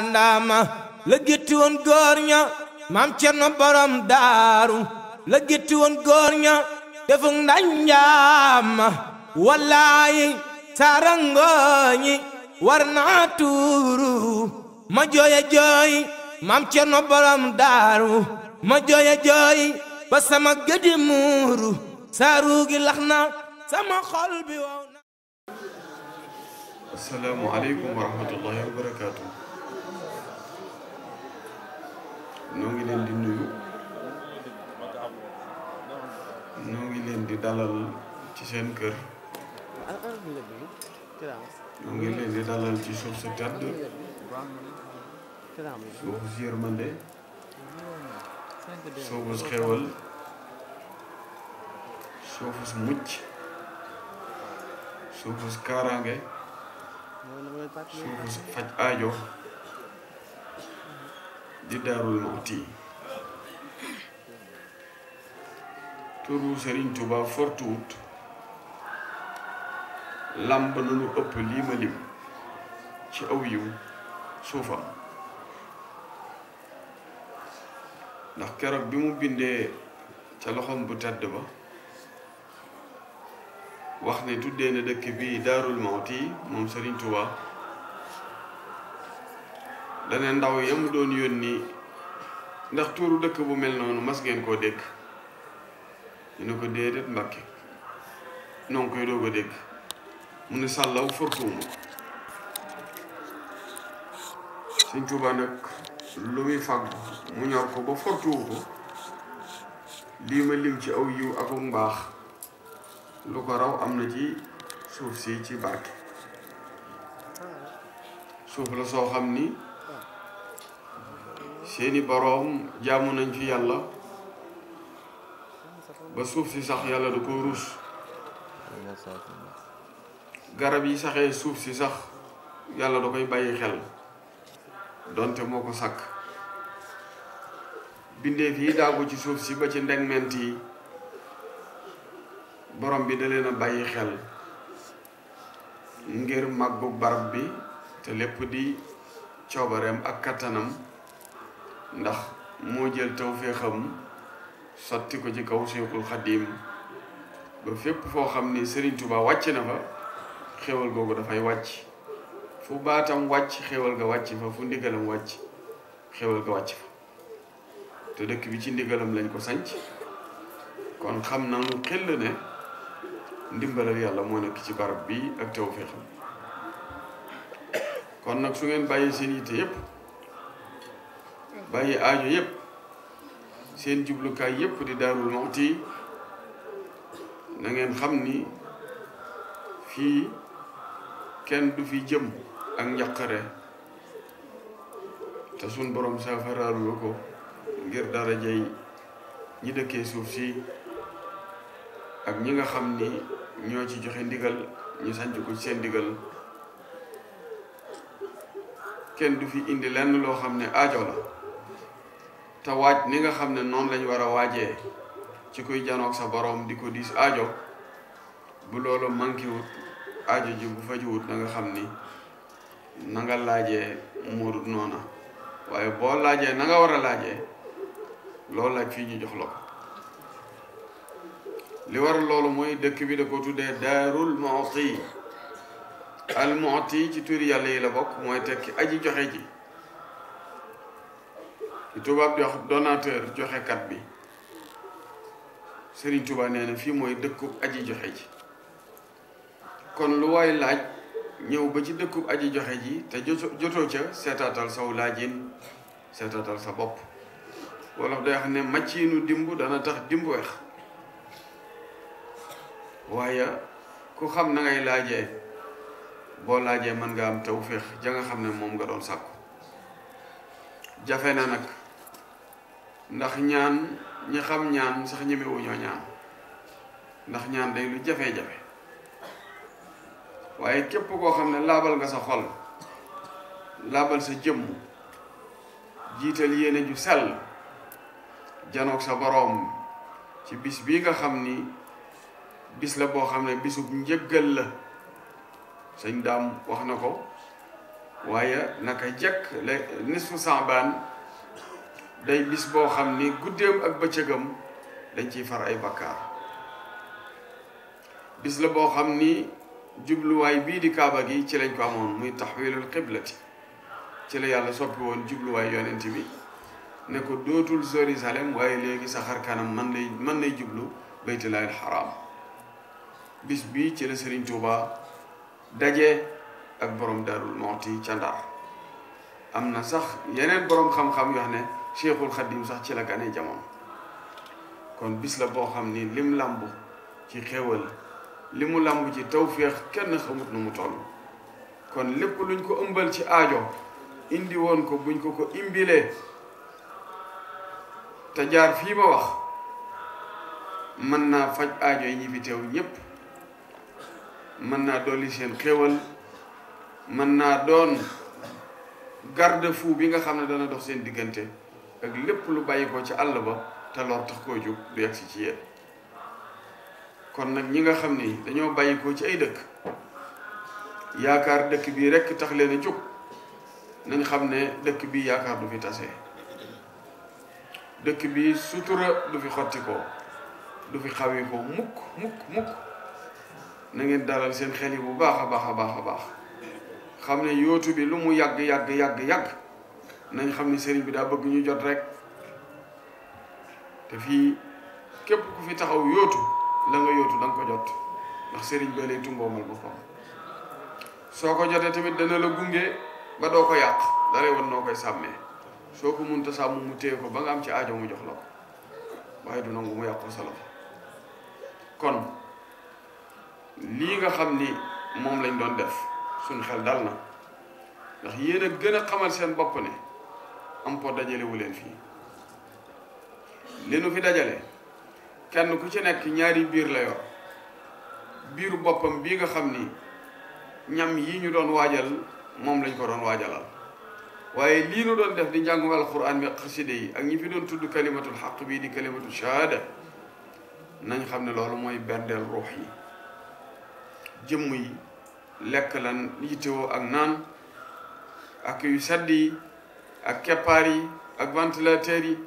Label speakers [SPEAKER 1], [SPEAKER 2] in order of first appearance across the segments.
[SPEAKER 1] dama la gétti woon góor ña cerno borom daru la gétti woon góor ña defuk ndañjaama wallaayi sarangooñi war naa tuuru ma jooya jooy maam cerno borom daru ma jooya jooy ba sama gëdi muuru saaru gi lax sama xol bi wow na assalaamu wa rahmatullahi wa barakaatu dalal ci seen kër ñu ngi leen di dalal ci suuf su tedd suufu si yërmande suufu su xewal suufu su mucc suufu su kaaraange suufu su faj aajo di daarul mawti turu Serigne Touba fortuwut làmb lu nu ëpp lii ma lim ci aw yiw suufam ndax keroog bi mu bindee ca loxoom bu tedd ba wax ne tuddee na dëkk bii Daarul Mawti moom Serigne Touba dane ndaw yam doon yónni ndax tuuru dëkk bu mel noonu mas koo dégg ñu ne ko déedéet Mbàkke noo ngi a dégg mu ne sàllaw fortuuma Sëñ Tuubaa nag lu muy fàggu mu ñor ko ba fortuwu ko lii ma lim ci aw yiw ak mbaax lu ko raw am na ci suuf si ci barke suuf la soo xam ni seeni boroom jaamu nañ fi yàlla ba suuf si sax yàlla da ko ruus garab yi saxee suuf si sax yàlla da koy bàyyi xel donte moo ko sàkk bindeef yi daagu ci suuf si ba ci ndegment yi borom bi da leen a bàyyi xel ngir màggu barab bi te lépp di coobareem ak kattanam ndax moo jël tawféexam sotti ko ci kaw Cheikhul Khadim ba fépp foo xam ni Serigne Touba wàcc na fa xéwal googu dafay wàcc fu baatam wàcc xéwal ga wàcc fa fu ndigalam wàcc xéwal wàcc te dëkk bi ci ndigalam lañ ko sanc kon xam na mu xel ne ndimbalal yàlla moo nekk ci barab bi ak tawféexam kon nag su ngeen bàyyi seen yitte yépp bàyyi aajo yépp seen jublukaay yépp di Daarul Muhti na ngeen xam ni fii kenn du fi jëm ak njaqare te suñ borom saafaraalu la ko ngir dara jay ñi dëkkee suuf si ak ñi nga xam ni ñoo ci joxe ndigal ñu sanc ko ci seen ndigal kenn du fi indi lenn loo xam ne aajo la te waaj ni nga xam ne noonu lañ war a waaje ci kuy janoog sa boroom di ko diis ajo bu loolu manqué wut aajo ji bu fajuwut da nga xam ni na nga laajee muurut noona waaye boo laajee na nga war a laaje loolu laaj fii ñu jox la ko li war loolu mooy dëkk bi da ko tuddee daarul mu'ti al mu'ti ci tur yàlla yi la bokk mooy tekki aji joxe ji tubaab di wax donateur kat bi Serigne Touba nee na fii mooy aji joxe ji kon lu waay laaj ñëw ba ci dëkkub aji joxe ji te jotoo ca seetaatal saw laajin seetaatal sa bop wala day wax ne dimbu dimb dana tax dimbu weex waya ku xam na ngay laaje bo laaje man nga am tawfiq ja nga xamne mom nga don sakku jafe nak ndax ñaan ñi xam ñaan sax ñemewu ñoo ñaan ndax ñaan day lu jafe-jafe waaye képp koo xam ne laabal nga sa xol laabal sa jëmm jiital yéene ju sell janoog sa boroom ci bis bii nga xam ni bis la boo xam ne bisub njëggal la sëñ daam wax na ko waaye naka jekk le nisfu saabaan day bis boo xam ni guddeem ak bëccëgam dañ ciy far ay bakkaar bis la boo xam ni jubluwaay bii di kaaba gi ci lañ ko amoon muy taxwilul xiblati ci la yàlla soppi jubluwaay yonent bi ne ko dootul Jérusalem waaye léegi sa xar kanam man lay man lay jublu baytullaahil xaraam bis bi ci la Sëriñ Tuuba daje ak borom darul moxti ca Ndar am na sax yeneen borom xam-xam yoo ne cheikhul xaddim sax ci la gane jamono kon bis la boo xam ni lim làmb ci xéewal li mu làmb ci tawféex kenn xamut nu mu toll kon lépp luñ ko ëmbal ci aajo indiwoon ko buñ ko ko imbilee te jaar fii ma wax mën naa faj aajo yi ñi ñépp mën naa dolli seen xéewal mën naa doon garde-fou bi nga xam ne dana dox seen diggante ak lépp lu bàyyi ko ci àll ba te lor tax koo jóg du yegsi ci yéen kon nag ñi nga xam ni dañoo bàyyi ko ci ay dëkk yaakaar dëkk bii rekk tax leen a jóg nañ xam ne dëkk bii yaakaar du fi tase dëkk bii sutura du fi xotti ko du fi xawee ko mukk mukk mukk na ngeen dalal seen xel yi bu baax a baax a baax a baax xam ne yootu bi lu mu yàgg yàgg yàgg yàgg nañ xam ni sëriñ bi daa bëgg ñu jot rek te fii képp ku fi taxaw yóotu la nga yóotu da ko jot ndax sëriñ bee lay tumboomal boppam soo ko jotee tamit dana la gunge ba doo ko yàq dalay wan noo koy sàmmee soo ko munta sàmm mu téye ko ba nga am ci aajo mu jox la ko waaye du nangu mu yàqu solo kon lii nga xam ni moom lañ doon def suñ xel dal na ndax yéen a gën a xamal seen bopp ne ampo dajalewu leen fii li nu fi dajale kenn ku ci nekk ñaari biir la yor biiru boppam bii nga xam ni ñam yi ñu doon waajal moom lañ ko doon waajalal waaye lii nu doon def di njàngum alquran bi xaside yi ak ñi fi doon tudd kalimatul xaq bii di kalimatul shahada nañ xam ne loolu mooy berndeel ruux yi jëmm yi lekk la yittewoo ak naan ak yu sedd ak keppaar yi ak ventilateur yi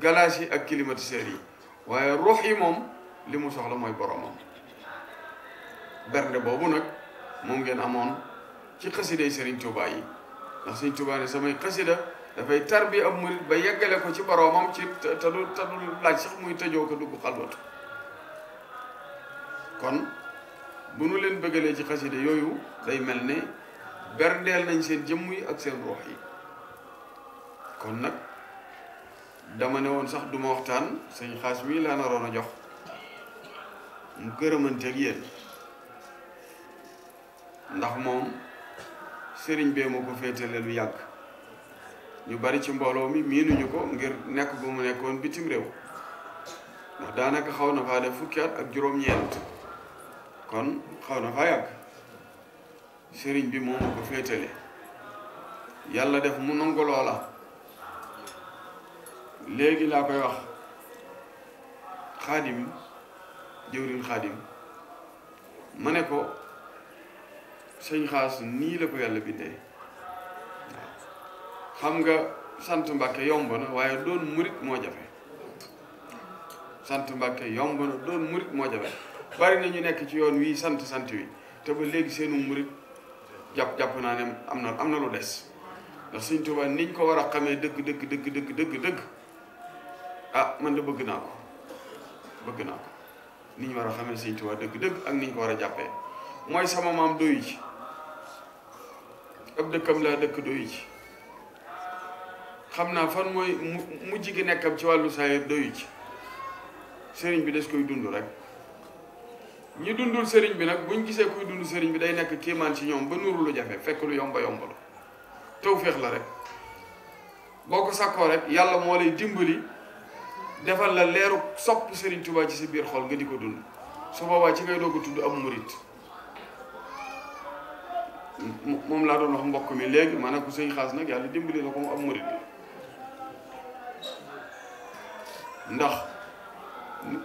[SPEAKER 1] galage yi ak climatiseur yi waaye ruux yi moom li mu soxla mooy boromam bernde boobu nag moom ngeen amoon ci xasiday Serigne Touba yi ndax Serigne Touba ne samay xasida dafay tarbi ab murit ba yeggale ko ci boromam ci te te du laaj sax muy tëjoo ko dugg xalwatu kon bu nu leen bëggalee ci xasida yooyu day mel ne berndeel nañ seen jëmm yi ak seen ruux yi kon nag dama ne woon sax duma waxtaan sëñ xaas mii laa naroon a jox mu gërëmanteeg yéen ndax moom sëriñ bee ma ko féetale lu yàgg ñu bari ci mbooloo mi miinuñu ko ngir nekk bu mu nekkoon bitim réew ndax daanaka xaw na faa def fukki at ak juróom-ñeent kon xaw na faa yàgg sëriñ bi moom ma ko féetale yàlla def mu nangu loola léegi laa koy wax xaadim jëwriñ xaadim ma ne ko sëñ xaas nii la ko yàlla bindee xam nga sant mbàkke yomb na waaye doon murit moo jafe sant mbàkke yomb na doon murit moo jafe bari na ñu nekk ci yoon wii sant sant wi te ba léegi seenu murit jàpp jàpp naa ne am na am na lu des ndax sëñ Tuubaa niñ ko war a xamee dëgg dëgg dëgg dëgg dëgg ah man de bëgg naa ko bëgg naa ko ni ñu war a xamee Sëñ Tuubaa dëgg-dëgg ak ni ñu ko war a jàppee mooy sama maam doyu ci ëpp dëkkam laa dëkk doyu ci xam naa fan mooy mu mujj gi nekkam ci wàllu saayir doyu ci sëriñ bi des koy dund rek ñi dundul sëriñ bi nag buñ gisee kuy dund sëriñ bi day nekk kéemaan ci ñoom ba nuru lu jafe fekk lu yomba yomba la tawféex la rek boo ko sakkoo rek yàlla moo lay dimbali defal la leeru sopp Serigne Touba ci si biir xol nga di ko dund su boobaa ci ngay doog a tudd am murit moom laa doon wax mbokk mi léegi maanaam ku sëñ xaas nag yàlla dimbali na ko mu am murit ndax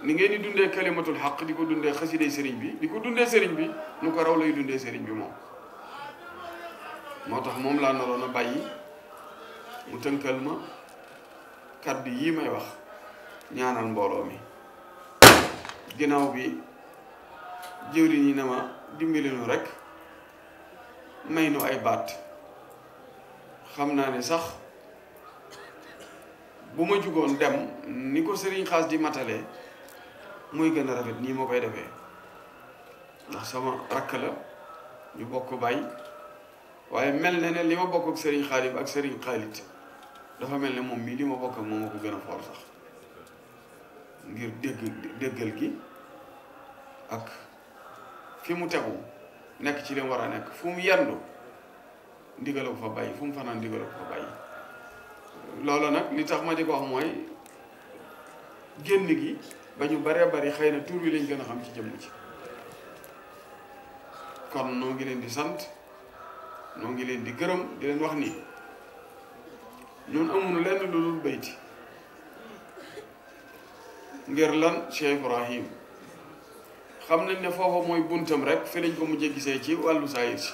[SPEAKER 1] ni ngeen di dundee kalimatul xaq di ko dundee xasidee sëriñ bi di ko dundee sëriñ bi nu ko raw lay dundee sëriñ bi moom moo tax moom laa naroon a bàyyi mu tënkal ma kàddu yii may wax ñaanal mbooloo mi ginnaaw bi jëwriñ yi na ma dimbali nu rek may nu ay baat xam naa ne sax bu ma jugoon dem ni ko sëriñ xaas di matale muy gën a rafet nii ma koy defee ndax sama rakk la ñu bokk bàyyi waaye mel na ne li ma bokk ak sëriñ xaalib ak sëriñ xaalit dafa mel ne moom mii li ma bokk ak moom ma ko gën a foor sax ngir dégg déggal gi ak fi mu tegu nekk ci li mu war fu mu yendu ndigal ko fa bàyyi fu mu fanaan ndigal ko fa bàyyi loolu nak li tax ma di wax mooy génn gi bari xëy na tur bi lañ gën a xam ci jëmm ci kon noo ngi di sant noo ngi leen di gërëm di leen wax ni ñun amuñu lenn lu dul ngir lan Cheikh Ibrahim xam nañ ne fofu moy buntam rek fi lañ ko mujjé gisé ci walu sayyid si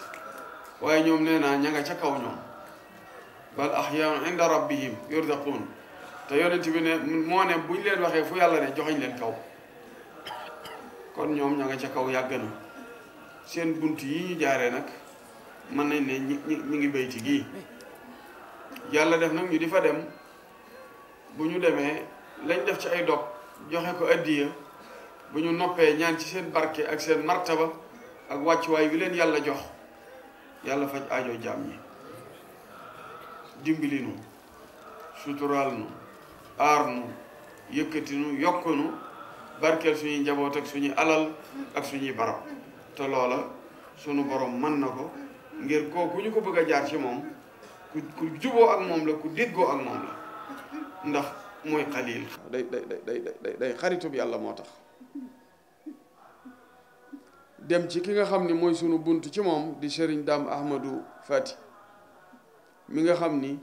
[SPEAKER 1] waaye ñoom nee ña nga ca kaw ñom bal ahyaan inda rabbihim yurzaqun te yonent bi ne mo ne buñ leen waxé fu yalla ne joxeñ leen kaw kon ñom ña nga ca kaw yàgg na seen bunt yi ñu jaaré nak man nañ ne ñi ngi ngi ci gi yalla def nak ñu di dem buñu démé lañ def ci ay dopp joxe ko addiya bu ñu noppee ñaan ci seen barke ak seen martaba ak wàccuwaay wi leen yàlla jox yàlla faj aajo jaam ñi dimbali nu suturaal nu aar yëkkati nu yokk nu barkeel suñuy njaboot ak suñuy alal ak suñuy barab te loola sunu borom mën na ko ngir kooku ñu ko bëgg a jaar ci moom ku ku juboo ak moom la ku déggoo ak moom la ndax mooy xalil day day day day yàlla moo tax dem ci ki nga xam ni mooy sunu bunt ci moom di sëriñ daam ahmadou fati mi nga xam ni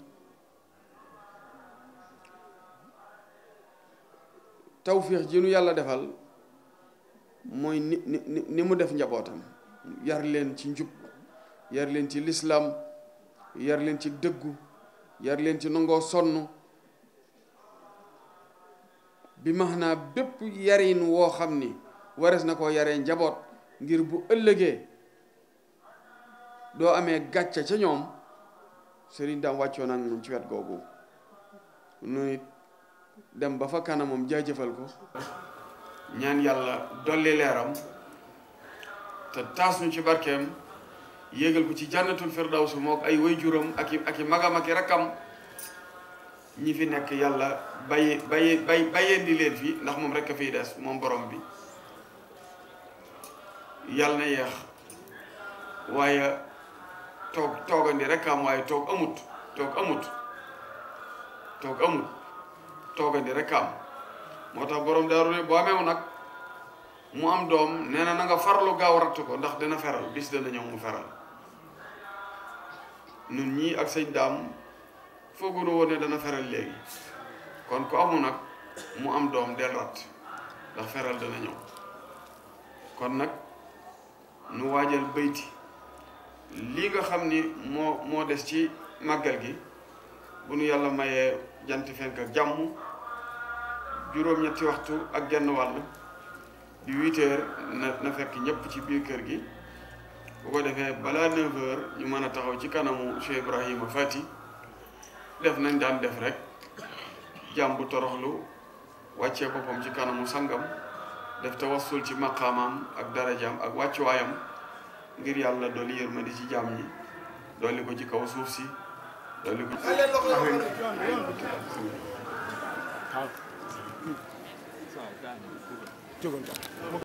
[SPEAKER 1] tawfiix ji nu yàlla defal mooy ni ni ni mu def njabootam yar leen ci njub yar leen ci lislaam yar leen ci dëggu yar leen ci nangoo sonn bi max naa bépp yarin woo xam ni warees na koo yare njaboot ngir bu ëllëgee doo amee gàcce ca ñoom sëriñ daam wàccoo nañ ci wet googu nu dem ba fa kanamam jaajëfal ko ñaan yàlla dolli leeram te taas ñu ci barkeem yéegal ko ci jànnatul firdawsu mook ay wayjuram ak i ak i magam ak i rakkam ñi fi nek yalla baye baye baye baye di leen fi ndax mom rek a fiy des borom bi yalla na yeex waya tok togandi rek am waya tok amut tok amut tok amut togandi rek am motax borom daaru ne boo ameew mu am dom neena na nga farlu gaaw rattu ko ndax dina feral bis dana ñëw mu feral nun ñi ak sëñ dam foogu woon ne dana feral léegi kon ku amu nag mu am doom del rat ndax feral dana ñëw kon nag nu waajal bayti lii nga xam ni moo moo des ci màggal gi bu nu yàlla mayee jant fenk ak jàmm juróom-ñetti waxtu ak genn wàll di huit heures na na fekk ñëpp ci biir kër gi bu ko defee balaa neuf ñu mën a taxaw ci kanamu Cheikh Ibrahima Fati def nañ daan def rek jàmm bu toroxlu wàccee boppam ci kanamu sangam def tawassul ci maqaamaam ak darajaam ak wàccuwaayam ngir yàlla dolli yërmande ci jàmm ñi dolli ko ci kaw suuf si dolli ko ci kaw